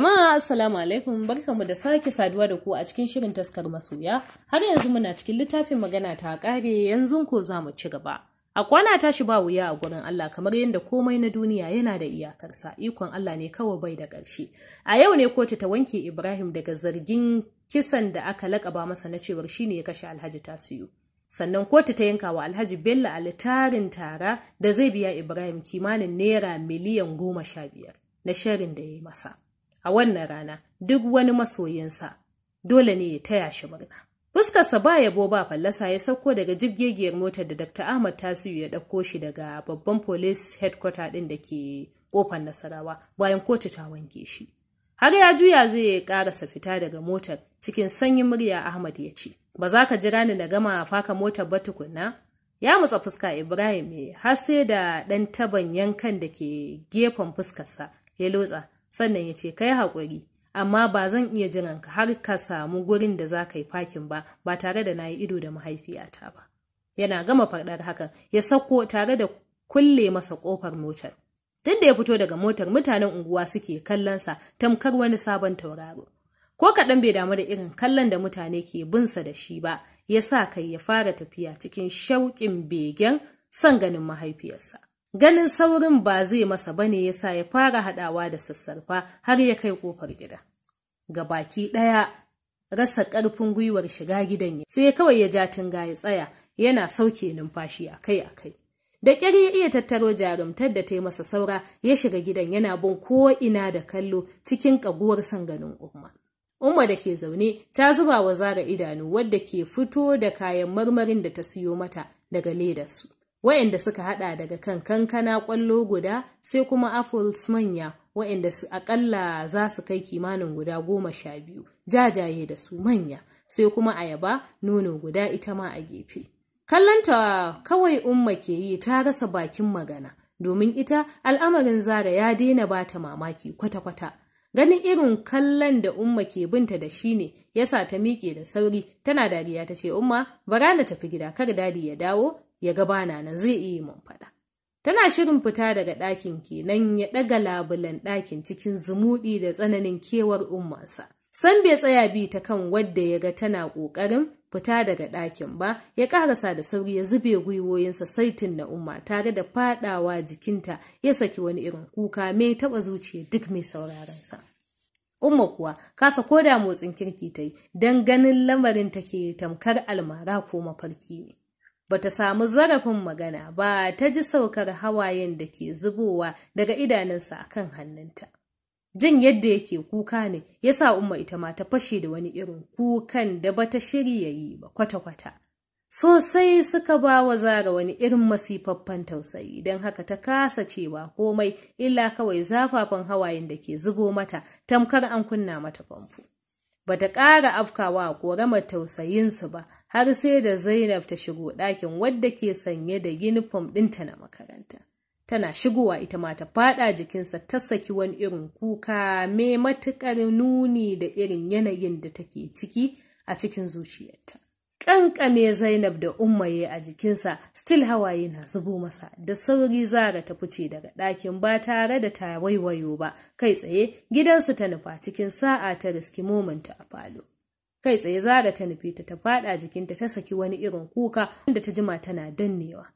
Jama'a assalamu alaikum mu da sake saduwa da ku a cikin shirin taskar masoya har yanzu muna cikin littafin magana ta kare yanzu ko za mu ci gaba. A kwana tashi ba wuya a gurin Allah kamar yadda komai na duniya yana da iyakarsa ikon Allah ne kawai bai da ƙarshe. A yau ne kotu ta wanke Ibrahim daga zargin kisan da aka laƙaba masa na cewar shine ya kashe Alhaji Tasiyu. sannan kotu ta yanka wa alhaji bello alitarin tara da zai biya ibrahim kimanin naira miliyan goma sha biyar na sharin da ya yi masa a wannan rana duk wani masoyinsa dole ne ya taya shi murna. Fuskarsa ba yabo ba fallasa ya sauko daga jibgegiyar motar da Dr. Ahmad Tasiru ya ɗauko shi daga babban police headquarter ɗin da ke kofar Nasarawa bayan kotu ta wanke shi. Har ya juya zai ƙarasa fita daga motar cikin sanyin murya Ahmad ya ce, Ba za ka jira ni na gama faka motar ba tukunna? Ya mutsa fuska Ibrahim eh, har sai da ɗan taban yankan da ke gefen fuskarsa ya lotsa sannan ya ce kai haƙuri amma ba zan iya jiranka har ka samu gurin da za ka yi fakin ba ba tare da na yi ido da mahaifiyata ba yana gama faɗar hakan ya sauko tare da kulle masa ƙofar motar tun da ya fito daga motar mutanen unguwa suke kallonsa tamkar wani sabon tauraro ko kaɗan bai damu da irin kallon da mutane ke binsa da shi ba ya sa kai ya fara tafiya cikin shauƙin begen son ganin mahaifiyarsa Ganin saurin ba zai masa ba ne ya sa ya fara haɗawa da sassarfa har ya kai kofar gida. Ga baki ɗaya rasa ƙarfin gwiwar shiga gidan ya sai kawai ya ja tunga ya tsaya yana sauke numfashi akai-akai. Da ƙyar ya iya tattaro jarumtar da ta yi masa saura ya shiga gidan yana bin ko ina da kallo cikin ƙaguwar san ganin umma. Umma da ke zaune ta zuba wa zara idanu wadda ke fito da kayan marmarin da ta siyo mata daga ledarsu. wayanda suka hada daga kan kankana kwallo guda sai kuma apples manya wayanda su akalla za su kai kimanin guda goma sha biyu jajaye da su manya sai kuma ayaba nono guda ita ma a gefe kallanta kawai umma ke yi ta rasa bakin magana domin ita al'amarin zara ya daina bata mamaki kwata-kwata ganin irin kallon da umma ke binta da shi ne ya sa ta miƙe da sauri tana dariya ta ce umma bara na tafi gida kar dadi ya dawo ya ga bana nan zai iya mun faɗa. Tana shirin fita daga ɗakin kenan ya ɗaga labulan ɗakin cikin zumuɗi da tsananin kewar ummansa. San bai tsaya bi ta kan wadda ya ga tana ƙoƙarin fita daga ɗakin ba, ya ƙarasa da sauri ya zube gwiwoyinsa saitin na umma tare da faɗawa jikinta ya saki wani irin kuka mai taɓa zuciya duk mai sauraronsa. Umma kuwa kasa koda motsin kirki ta yi don ganin lamarin take tamkar almara ko mafarki ne. bata samu zarafin magana ba ta ji saukar hawayen da ke zubowa daga idanunsa a kan hannunta. Jin yadda yake kuka ne ya sa umma ita ma ta fashe da wani irin kukan da bata shirya yi ba kwata-kwata. Sosai suka ba wa zara wani irin masifaffen tausayi don haka ta kasa cewa komai illa kawai zafafan hawayen da ke zubo mata tamkar an kunna mata famfo. ba ta ƙara afkawa a ƙoramar tausayinsu ba har sai da zainab ta shigo ɗakin wadda ke sanye da yunifom ɗinta na makaranta tana shigowa ita ma ta faɗa jikinsa ta saki wani irin kuka mai matuƙar nuni da irin yanayin da take ciki a cikin zuciyarta kankame Zainab da ummaye a jikinsa, still hawaye na zubo masa, da sauri zara ta fice daga ɗakin ba tare da ta waiwayo ba, kai tsaye gidansu ta nufa cikin sa'a ta riski momanta a falo. Kai tsaye zara ta nufi ta faɗa jikinta ta saki wani irin kuka wanda ta jima tana dannewa.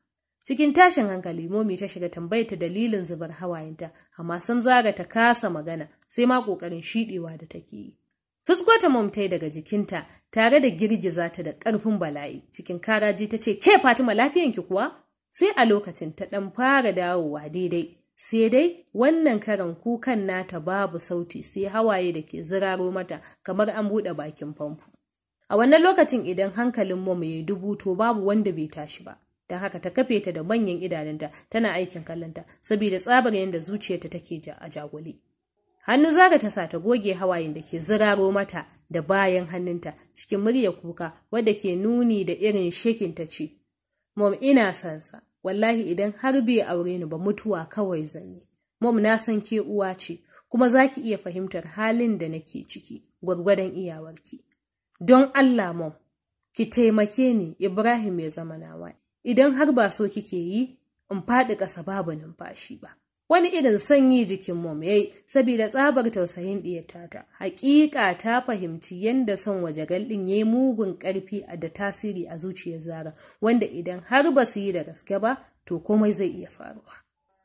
Cikin tashin hankali momi ta shiga tambayta dalilin zubar hawayenta, amma sam zara ta kasa magana sai ma ƙoƙarin shiɗewa da take yi. Fuskota mom ta yi daga jikinta tare da girgiza ta da ƙarfin bala'i cikin karaji ta ce ke Fatima ki kuwa sai a lokacin ta ɗan fara dawowa daidai sai dai wannan karan kukan nata babu sauti sai hawaye da ke ziraro mata kamar an buɗe bakin famfo. A wannan lokacin idan hankalin mom ya dubu to babu wanda bai tashi ba. Don haka ta kafe ta da manyan idanunta tana aikin kallonta saboda tsabar yadda zuciyarta take a jagole. Hannu zaga ta sa ta goge hawayen da ke ziraro mata da bayan hannunta cikin murya kuka wadda ke nuni da irin shekin ta ce, Mom ina son sa, wallahi idan har bai aure ni ba mutuwa kawai zan yi. Mom na san ke uwa ce, kuma zaki iya fahimtar halin da nake ciki, gwargwadon iyawarki. Don Allah mom, ki taimake ni Ibrahim ya zama nawa, idan har ba so kike yi, in faɗi ƙasa babu numfashi ba. wani irin sanyi jikin mom saboda tsabar tausayin ɗiyata ta. hakika ta fahimci yadda son waje ya yi mugun ƙarfi a da tasiri a zuciyar zara wanda idan har ba su yi da gaske ba to komai zai iya faruwa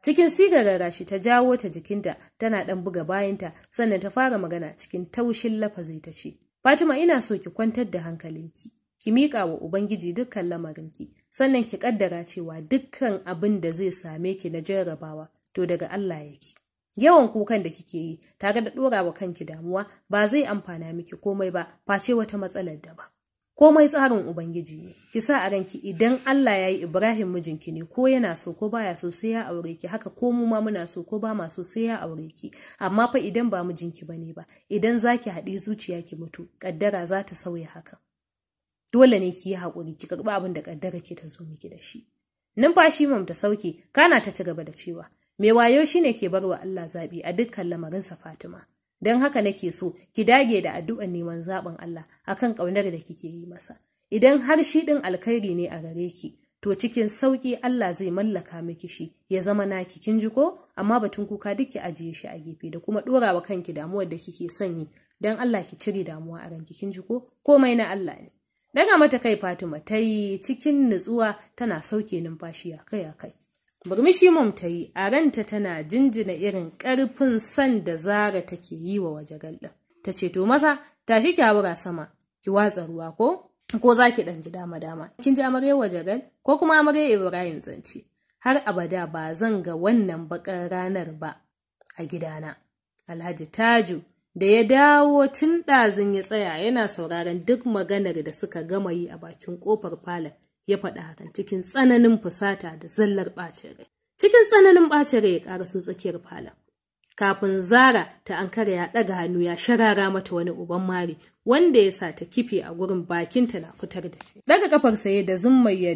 cikin sigarar shi ta jawo ta jikinta tana ɗan buga bayanta sannan ta fara magana cikin taushin lafazi ta ce Fatima ina so ki kwantar da hankalinki ki miƙa wa Ubangiji dukkan lamarinki sannan ki ƙaddara cewa dukkan abin da zai same ki na jarrabawa to daga Allah yake yawan kukan da kike yi tare da dora wa kanki damuwa ba zai amfana miki komai ba face wata matsalar da ba komai tsarin ubangiji ne ki sa a ranki idan Allah ya yi Ibrahim mijinki ne ko yana so ko baya so sai ya aure ki haka ko mu ma muna so ko ba ma so sai ya aure ki amma fa idan ba mijinki ne ba idan zaki haɗi zuciya ki mutu kaddara za ta sauya haka dole ne ki yi haƙuri ki karɓi abin da kaddara ki ta zo miki da shi numfashi mam ta sauke kana ta ci gaba da cewa Mai wayo ne ke bar wa Allah zaɓi a dukkan lamarinsa Fatima. Don haka nake so ki dage da addu'an neman zaɓin Allah a kan ƙaunar da kike yi masa. Idan har shi ɗin alkhairi ne a gare ki, to cikin sauƙi Allah zai mallaka miki shi ya zama naki kin ji ko amma batun kuka duk ki ajiye shi a gefe da kuma ɗorawa kanki damuwar da kike son yi don Allah ki cire damuwa a ranki kin ji ko komai na Allah ne. Daga mata kai Fatima ta yi cikin nutsuwa tana sauke numfashi a kai a kai. Burmishi mum ta yi a ranta tana jinjina irin ƙarfin san da Zara take yi wa waje galɗin. Ta ce to masa tashi ki sama ki watsa ruwa ko ko za ki ɗan ji dama dama. Kin ji amarya waje gal ko kuma amarya Ibrahim zance. Har abada ba zan ga wannan baƙar ranar ba a gidana. Alhaji Taju da ya dawo tun ɗazin ya tsaya yana sauraron duk maganar da suka gama yi a bakin ƙofar falon ya faɗa hakan cikin tsananin fusata da zallar ɓacin rai. Cikin tsananin ɓacin rai ya ƙara sun tsakiyar falon. Kafin Zara ta ankara ya ɗaga hannu ya sharara mata wani uban mari wanda ya sa ta kife a gurin bakinta na fitar da shi. Daga kafar saye da zummai ya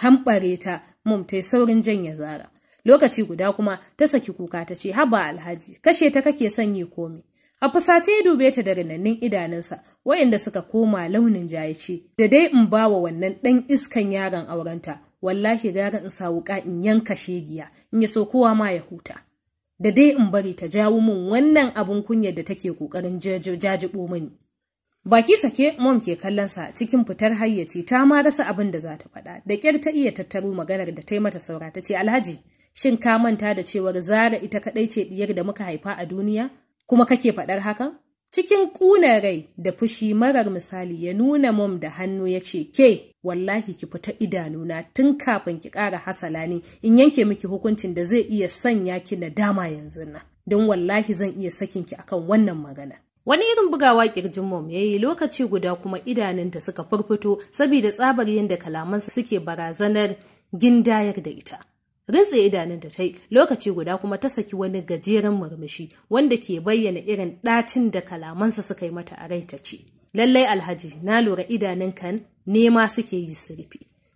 hambare ta mum ta saurin janye Zara. Lokaci guda kuma ta saki kuka ta ce haba alhaji kashe ta kake son komai A fusace ya dube ta da rinannin idanunsa, wayanda suka koma launin jayace. da dai in ba wa wannan ɗan iskan yaron aurenta, wallahi gara in sa wuƙa in yanka shegiya, in ya so kowa ma ya huta. Da dai in bari ta jawo min wannan abun kunyar da take kokarin jajibo mini. Baki sake mom ke kallon sa cikin fitar hayyaci ta ma rasa abin da za ta faɗa, da kyar ta iya tattaro maganar da ta yi mata saura ta ce Alhaji, shin ka manta da cewar zara ita kaɗai ce ɗiyar da muka haifa a duniya? kuma kake faɗar hakan? Cikin ƙuna rai da fushi marar misali ya nuna mom da hannu ya ce, Ke, wallahi ki fita idanuna tun kafin ki ƙara hasala ne in yanke miki hukuncin da zai iya sanya ki na dama yanzu na, don wallahi zan iya sakin ki akan wannan magana. Wani irin bugawa kirjin mom ya yi lokaci guda kuma idanunta suka furfuto saboda tsabar yadda kalamansa suke barazanar gindayar da ita. Rintse idanun da ta yi lokaci guda kuma ta saki wani gajeren murmushi wanda ke bayyana irin ɗacin da kalamansa suka yi mata a rai ta ce. Lallai Alhaji na lura idanunkan nema suke yi su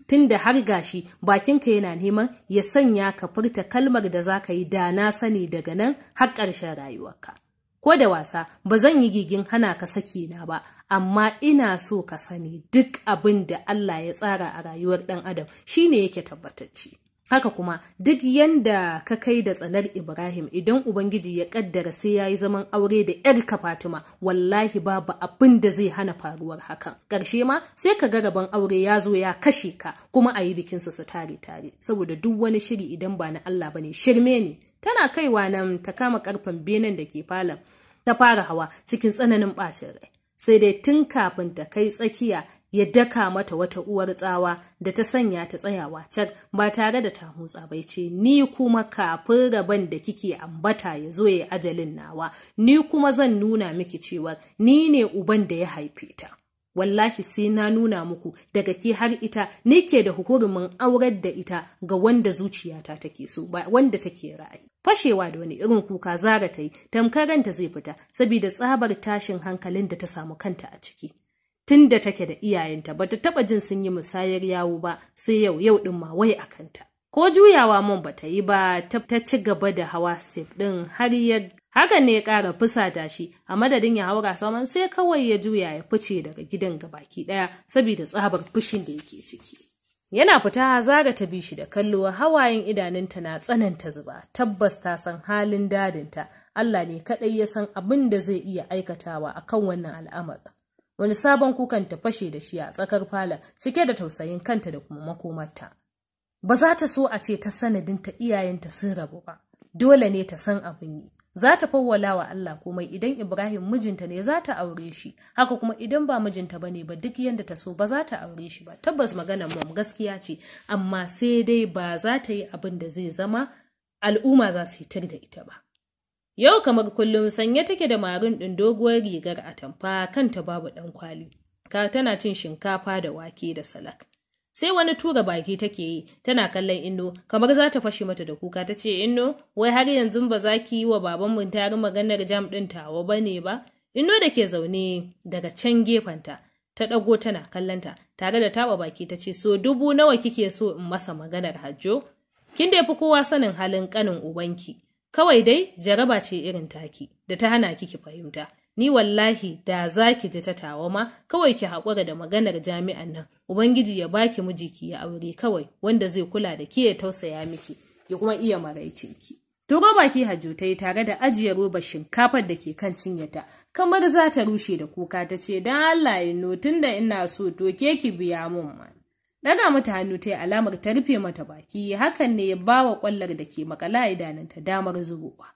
Tunda har gashi bakinka yana neman ya sanya ka furta kalmar da za ka yi da na sani daga nan har ƙarshen rayuwarka. Ko da wasa ba zan yi gigin hana ka saki na ba, amma ina so ka sani duk abin da Allah ya tsara a rayuwar ɗan adam shine yake tabbatacce. Haka kuma duk yanda ka kai da tsanar Ibrahim idan Ubangiji ya kaddara sai ya yi zaman aure da yar ka Fatima wallahi babu abin da zai hana faruwar hakan. karshe ma sai ka ga rabon aure ya zo ya kashe ka kuma a yi bikinsa su tare tare saboda duk wani shiri idan ba na Allah ba ne shirme ne. Tana kaiwa nan ta kama karfen benen da ke falon ta fara hawa cikin tsananin ɓacin rai. Sai dai tun kafin ta kai tsakiya ya daka mata wata uwar tsawa da ta sanya ta tsayawa tar. ba tare da ta motsa bai ce ni kuma kafin rabon da kike ambata ya zo ya ajalin nawa ni kuma zan nuna miki cewa ni ne uban da ya haife ta wallahi sai na nuna muku daga ke har ita ni ke da hukurumin aurar da ita ga wanda zuciyata take so ba wanda take ra'ayi fashewa da wani irin kuka zara ta yi tamkaranta zai fita saboda tsabar tashin hankalin da ta samu kanta a ciki tun da take da iyayenta ba ta taba jin sun yi musayar yawo ba sai yau yau din ma wai a kanta ko juyawa mun ta yi ba ta ci gaba da hawa step din har ya haka ne ya kara fusata shi a madadin ya haura saman sai kawai ya juya ya fice daga gidan gabaki daya saboda tsabar fushin da yake ciki Yana fita zaga ta bi shi da kallo hawayen idanunta na tsananta zuba, tabbas ta san halin dadinta, Allah ne kaɗai ya san abin da zai iya aikatawa akan wannan al'amarin. wani sabon kukan ta fashe da shi a tsakar falon cike da tausayin kanta da kuma makomarta ba za ta so a ce ta sanadin ta iyayenta sun rabu ba dole ne ta san abin yi za ta fawwala wa Allah komai idan Ibrahim mijinta ne za ta aure shi haka kuma idan ba mijinta ba ne ba duk yadda ta so ba za ta aure shi ba tabbas maganar mom gaskiya ce amma sai dai ba za ta yi abin da zai zama al'umma za su yi tir da ita ba Yau kamar kullum sanye take da marin ɗin doguwar rigar atamfa kanta babu ɗan kwali. Ka tana cin shinkafa da wake da salak. Sai wani tura baki take yi, tana kallon Inno, kamar za ta fashe mata da kuka ta ce Inno, wai har yanzu ba za ki yi wa babanmu tarin maganar jam ɗin tawa ba ne ba? Inno da ke zaune daga can gefenta, ta ɗago tana kallonta, tare da taɓa baki ta ce so dubu nawa kike so in masa maganar hajjo? Kin da fi kowa sanin halin ƙanin ubanki. Kawai dai jaraba ce irin taki da ta hana ki fahimta. Ni wallahi da za ki ji ta tawa ma kawai ki haƙura da maganar jami'an nan. Ubangiji ya baki miji ki ya aure kawai wanda zai kula da ki ya tausaya miki ya kuma iya maraice ki. Turo baki Hajjo ta tare da ajiye robar shinkafar da ke kan cinye ta. kamar za ta rushe da kuka ta ce, "Don Allah ino tun da ina so to ke ki biya mun ma." Daga mata hannu ta yi alamar ta rufe mata baki, hakan ne ya ba wa ƙwallar da ke makala idanunta damar zubowa.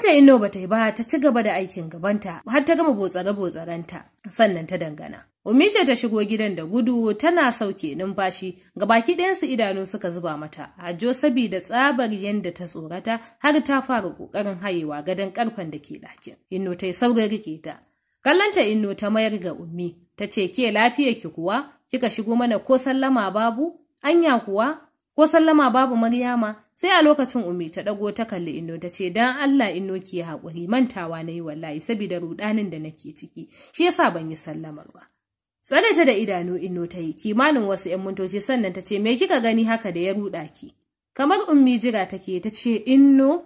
ta Ino ba ta yi ba ta ci gaba da aikin gabanta har ta gama botsare botsaren ta, sannan ta dangana. ce ta shigo gidan da gudu tana sauke numfashi ga baki ɗayansu idanu suka zuba mata A hajjo sabida tsabar yadda ta tsorata har ta fara ƙoƙarin hayewa gadon ƙarfen da ke ɗakin. Inno ta yi saurin rike ta. ta Inno ta mayar ga Ummi ta ce ke lafiya ki kuwa kika shigo mana ko sallama babu anya kuwa ko sallama babu maryama sai a lokacin ummi ta dago ta kalli inno ta ce dan Allah inno ki hakuri mantawa nayi wallahi saboda rudanin da nake ciki shi yasa ban yi sallamar ba ta da idanu inno ta yi kimanin wasu 'yan mintoci sannan ta ce me kika gani haka da ya ruda ki kamar ummi jira take ta ce inno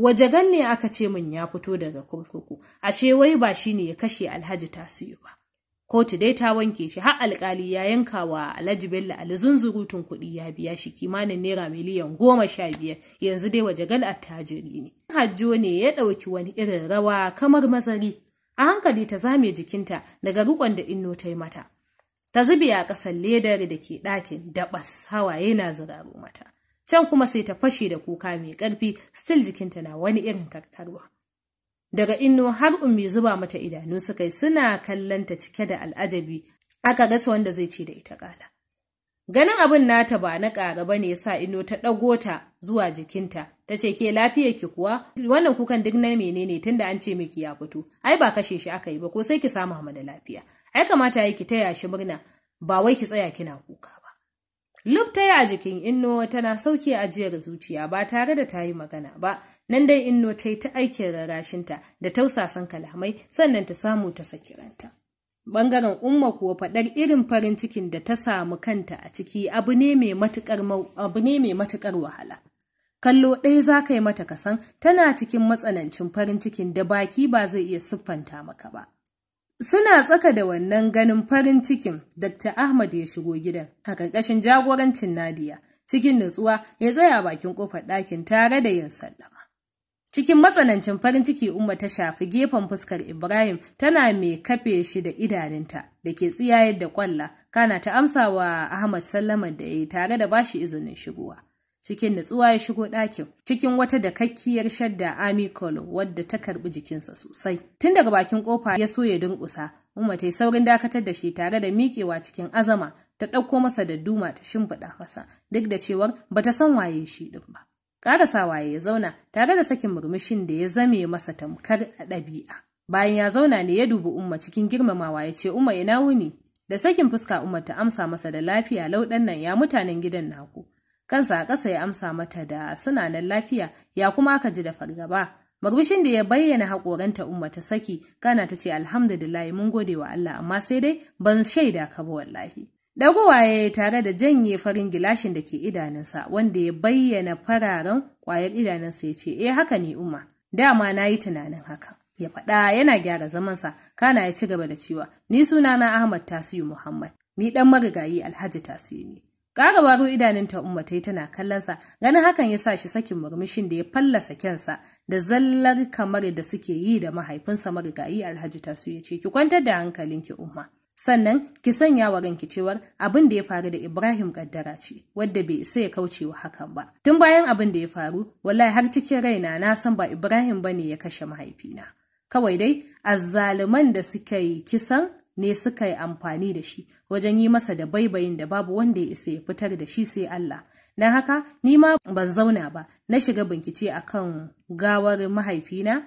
waje ganne aka ce mun ya fito daga kurkuku a ce wai ba shine ya kashe alhaji tasiyu ba kotu dai ta wanke shi har alkali ya yanka wa alhaji bello zunzurutun kuɗi ya biya shi kimanin naira miliyan goma sha biyar yanzu dai waje gal attajiri ne hajjo ne ya ɗauki wani irin rawa kamar mazari a hankali ta zame jikinta daga rikon da inno ta yi mata ta zubi a ƙasar ledar da ke ɗakin daɓas hawaye na zuraro mata can kuma sai ta fashe da kuka mai ƙarfi still jikinta na wani irin karkarwa daga inno har ummi zuba mata idanu suka yi suna kallanta cike da al'ajabi aka gasa wanda zai ce da ita kala ganin abin nata ba na ƙara ba ne ya sa ino ta ɗago ta zuwa jikinta ta ce ke lafiyar ki kuwa wannan kukan duk na menene tunda an ce miki ya fito ai ba kashe shi aka yi ba ko sai ki samu hama da lafiya ai kamata ya ki taya shi murna ba wai ki tsaya kina kuka Lub ta yi a jikin Inno tana sauke ajiyar zuciya ba tare da ta yi magana ba, nan dai Inno ta yi ta aikin rarashinta da tausasan kalamai sannan ta samu ta saki ranta. Bangaren Umma kuwa faɗar irin farin cikin da ta samu kanta a ciki abu ne mai matuƙar wahala. Kallo ɗaya za ka yi mata kasan tana cikin matsanancin farin cikin da baki ba zai iya siffanta maka ba. Suna tsaka da wannan ganin farin cikin, Dr. Ahmad ya shigo gidan a ƙarƙashin jagorancin Nadiya. Cikin nutsuwa ya tsaya bakin ƙofar ɗakin tare da yin sallama. Cikin matsanancin farin ciki Umma ta shafi gefen fuskar Ibrahim tana mai kafe shi da idanunta da ke tsiyayar da kwalla, kana ta amsawa Ahmad sallamar da ya yi tare da bashi izinin shigowa. cikin nutsuwa ya shigo ɗakin cikin wata da kakkiyar shadda Amikolo wadda ta karbi jikinsa sosai tun daga bakin kofa ya so ya dunkusa umma ta yi saurin dakatar da shi tare da miƙewa cikin azama ta ɗauko masa da duma ta shimfiɗa masa duk da cewar ta san waye shi ɗin ba ƙarasa waye ya zauna tare da sakin murmushin da ya zame masa tamkar a ɗabi'a bayan ya zauna ne ya dubi umma cikin girmamawa ya ce umma ina wuni da sakin fuska umma ta amsa masa da lafiya lauɗan nan ya mutanen gidan naku kansa a ƙasa ya amsa mata da suna nan lafiya ya kuma aka ji da fargaba Marbishin da ya bayyana haƙoranta umma ta saki, kana ta ce alhamdulillah mun gode wa Allah amma sai dai ban shaida ka ba wallahi. Dagowa ya yi tare da janye farin gilashin da ke idanunsa wanda ya bayyana fararen ƙwayar idanunsa ya ce, eh haka ne umma, dama na yi tunanin haka. Ya faɗa yana gyara zamansa, kana ya ci gaba da cewa, ni sunana Ahmad Tasiyu Muhammad, ni ɗan marigayi Alhaji Tasiyu ne. Ƙara waro idanunta umma ta yi tana kallonsa, ganin hakan ya sa shi sakin murmushin da ya fallasa kyansa da zallar kamar da suke yi da mahaifinsa marigayi Alhaji Tasu ya ce, Ki kwantar da hankalin ki umma. Sannan ki sanya wa ranki cewar abin da ya faru da Ibrahim kaddara ce, wadda bai isa ya kauce wa hakan ba. Tun bayan abin da ya faru, wallahi har cikin raina na san ba Ibrahim bane ya kashe mahaifina. Kawai dai, azzaluman da suka yi kisan ne suka yi amfani da shi wajen yi masa da baibayin da babu wanda ya isa ya fitar da shi sai Allah. na haka ni ma ban zauna ba na shiga bincike kan gawar mahaifina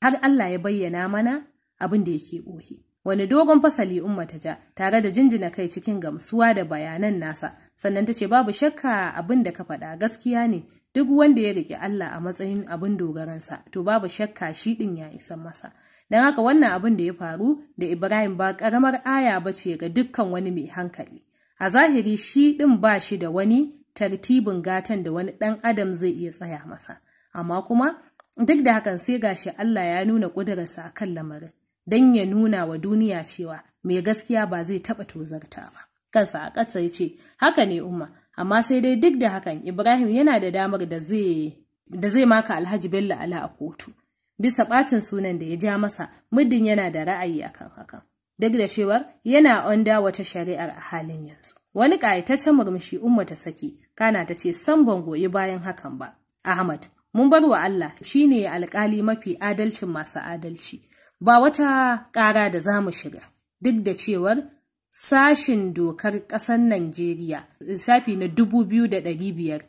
har Allah ya bayyana mana abin da yake ɓoye. Wani dogon fasali umma ta ja tare da jinjina kai cikin gamsuwa da bayanan nasa sannan ta ce babu shakka abin da ka faɗa gaskiya ne duk wanda ya riƙe Allah a matsayin abin dogaransa to babu shakka shi ɗin ya isa masa. Don haka wannan abin da ya faru da Ibrahim ba ƙaramar aya ba ce ga dukkan wani mai hankali. A zahiri shi ɗin ba shi da wani tartibin gatan da wani ɗan adam zai iya tsaya masa. Amma kuma duk da hakan sai gashi Allah ya nuna ƙudurarsa a kan lamarin don ya nuna wa duniya cewa mai gaskiya ba zai taɓa tozarta ba. Kansa a ƙasa ya ce, haka ne umma, amma sai dai duk da hakan Ibrahim yana da damar da zai da zai maka Alhaji Bello Ala a kotu. bisa ɓacin sunan da ya ja masa muddin yana da ra'ayi akan hakan duk da cewar yana onda wata shari'ar a halin yanzu wani ƙayataccen murmushi umma ta saki kana ta ce san ban goyi bayan hakan ba ahmad mun bar wa allah shine alƙali mafi adalcin masu adalci ba wata ƙara da za mu shiga duk da cewar sashin dokar ƙasar Najeriya shafi na dubu biyu da da da biyar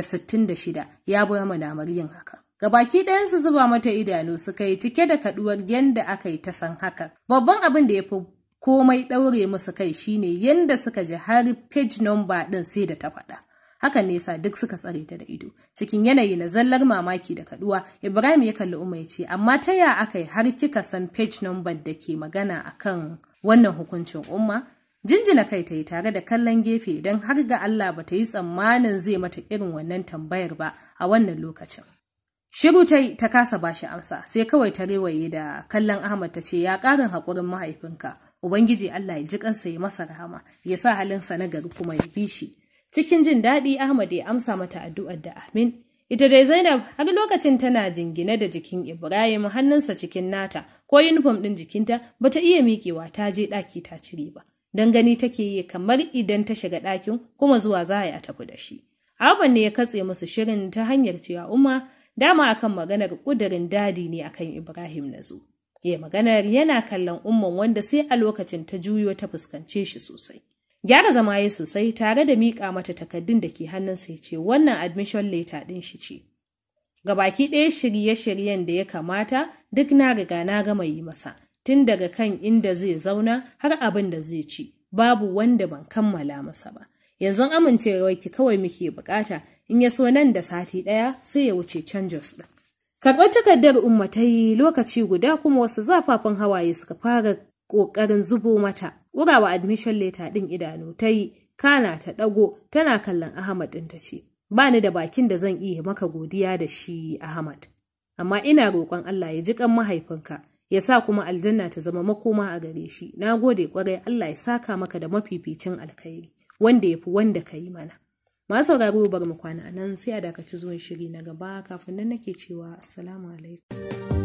sittin ɗari shida, ya bayyana yin haka. Ga baki ɗayan su zuba mata idanu suka yi cike da kaɗuwar yadda aka yi ta san haka. Babban abin da ya fi komai ɗaure musu kai shine yadda suka ji har page number ɗin sai da ta faɗa. Hakan nesa duk suka tsare ta da ido. Cikin yanayi na zallar mamaki da kaduwa, Ibrahim ya kalli Umma ya ce, "Amma ta ya aka yi har kika san page number da ke magana akan wannan hukuncin Umma?" Jinjina kai ta yi tare da kallon gefe don har ga Allah ba ta yi tsammanin zai mata irin wannan tambayar ba a wannan lokacin. Shiru ta yi ta kasa shi amsa sai kawai ta rewaye da kallon Ahmad ta ce ya karin haƙurin mahaifinka Ubangiji Allah ya ji kansa ya masa rahama ya sa halinsa na gari kuma ya bi shi. Cikin jin daɗi Ahmad ya amsa mata addu'ar da amin. Ita dai Zainab har lokacin tana jingine da jikin Ibrahim hannunsa cikin nata ko yunifom ɗin jikinta ba ta iya miƙewa ta je ɗaki ta cire ba. Don gani take yi kamar idan ta shiga ɗakin kuma zuwa za a tafi da shi. Aban ne ya katse musu shirin ta hanyar cewa Umma Dama akan maganar ƙudurin dadi ne akan Ibrahim na zo. Ya maganar yana kallon umman wanda sai a lokacin ta juyo ta fuskance shi sosai. Gyara zama ya sosai tare da miƙa mata takardun da ke hannunsa ya ce wannan admission letter din shi ce. Ga baki ɗaya shirye-shiryen da ya kamata duk na riga na gama yi masa tun daga kan inda zai zauna har abin da zai ci babu wanda ban kammala masa ba. Yanzu amincewa ki kawai muke bukata in ya so nan da sati ɗaya sai ya wuce can jos ɗin. Karɓar takardar umma ta yi lokaci guda kuma wasu zafafan hawaye suka fara ƙoƙarin zubo mata. Wurawa admission letter ɗin idanu ta yi, kana ta ɗago tana kallon Ahmad ɗin ta ce, ba ni da bakin da zan iya maka godiya da shi Ahmad. Amma ina roƙon Allah ya ji ƙan mahaifinka, ya sa kuma aljanna ta zama makoma a gare shi. Na gode ƙwarai Allah ya saka maka da mafificin alkhairi, wanda ya fi wanda ka yi mana. masu saurari bari mu kwana nan sai a dakaci zuwan shiri na gaba kafin nan nake cewa assalamu alaikum